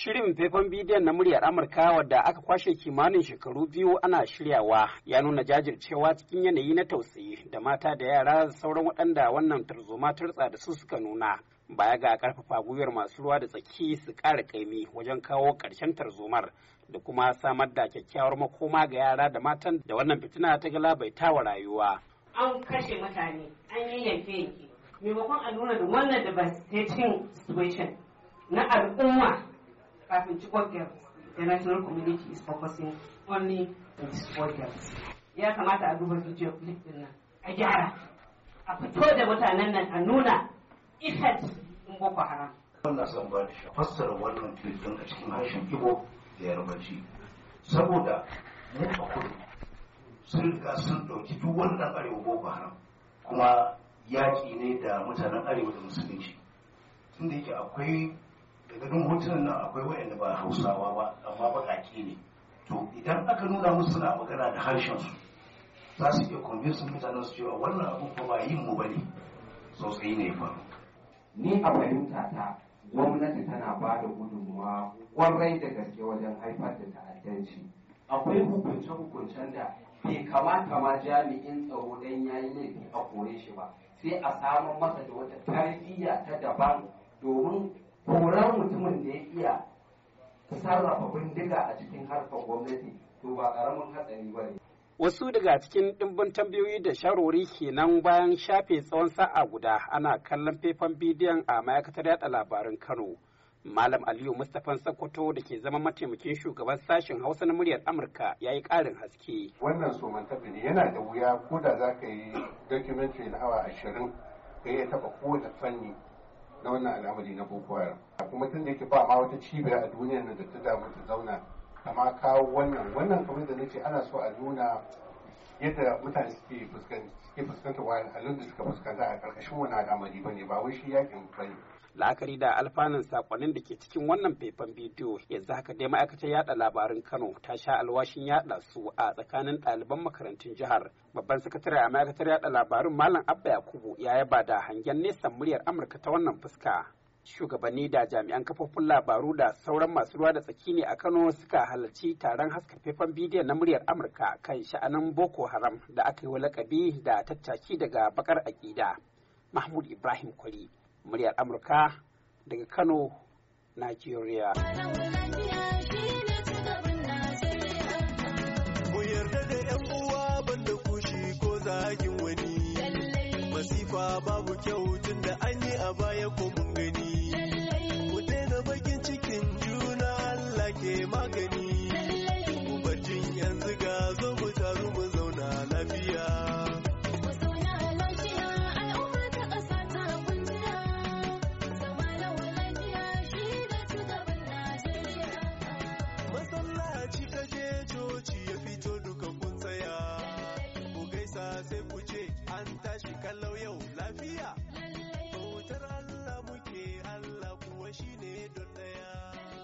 Shirin faifan bidiyon na muryar Amurka wadda aka kwashe kimanin shekaru biyu ana shiryawa ya nuna jajircewa cikin yanayi na tausayi da mata da yara da sauran waɗanda wannan tarzoma turtsa da su suka nuna. Baya ga karfafa gwiwar masu ruwa da tsaki su ƙara kaimi wajen kawo ƙarshen tarzomar da kuma samar da kyakkyawar makoma ga yara da matan da wannan fitina ta galabaita wa rayuwa. An kashe mutane, an yi yanke yanke, maimakon a nuna da wannan da ba situation na al'umma kafin Chibok Girls, the national community is focusing only on the Chibok Girls. Ya kamata a duba video clip din nan, a gyara, a fito da mutanen nan a nuna effect in Boko Haram. Wannan son ba da fassara wannan clip din a cikin harshen Igbo da Yarbanci. Saboda mu a kudu sun riga sun ɗauki duk wannan arewa Boko Haram kuma yaƙi ne da mutanen arewa da musulunci. Tunda yake akwai daga dun hotunan nan akwai wa'anda ba hausawa ba amma bakaki ne to idan aka nuna musu suna magana da harshen su za su iya convince mutanen su cewa wannan abu ko ba yin mu bane sosai ne fa ni a fahimta ta gwamnati tana ba da gudunmuwa kwarai da gaske wajen haifar da ta'addanci akwai hukunce-hukuncen da bai kamata ma jami'in tsaro dan yayi laifi a kore shi ba sai a samun masa da wata tarbiyya ta daban domin Kora mutumin da ya iya sarrafa bindiga a cikin harkar gwamnati to ba karamin hatsari ba ne. Wasu daga cikin ɗimbin tambayoyi da sharori kenan bayan shafe tsawon sa'a guda ana kallon faifan bidiyon a ma'aikatar yada labarin Kano. Malam Aliyu Mustapha Sokoto da ke zama mataimakin shugaban sashen Hausa na muryar Amurka ya yi ƙarin haske. Wannan somantafi ne yana da wuya ko da za ka yi documentary na awa ashirin ka yi taɓa da fanni na wannan al'amari na boko haram kuma tun da yake ba ma wata cibiya a duniyar nan da ta damu ta zauna amma kawo wannan wannan kamar da nace ana so a nuna yadda mutane suke fuskantar wayan halin da suka fuskanta a karkashin wani al'amari ba ne ba wai shi yakin bane la'akari da alfanun sakonnin da ke cikin wannan faifan bidiyo yanzu haka dai ma'aikatar yada labarin kano ta sha alwashin yada su a tsakanin ɗaliban makarantun jihar babban sakatare a ma'aikatar yada labarin malam abba yakubu ya yaba da hangen nesa muryar amurka ta wannan fuska shugabanni da jami'an kafofin labaru da sauran masu ruwa da tsaki ne a Kano suka halarci taron haska faifan bidiyon na muryar Amurka kan sha'anin Boko Haram da aka yi wa lakabi da tattaki daga bakar aƙida. Mahmud Ibrahim Kwari, muryar Amurka daga Kano, Nigeria. yarda da ya cika je coci ya fito duka kun tsaya ku gaisa sai ku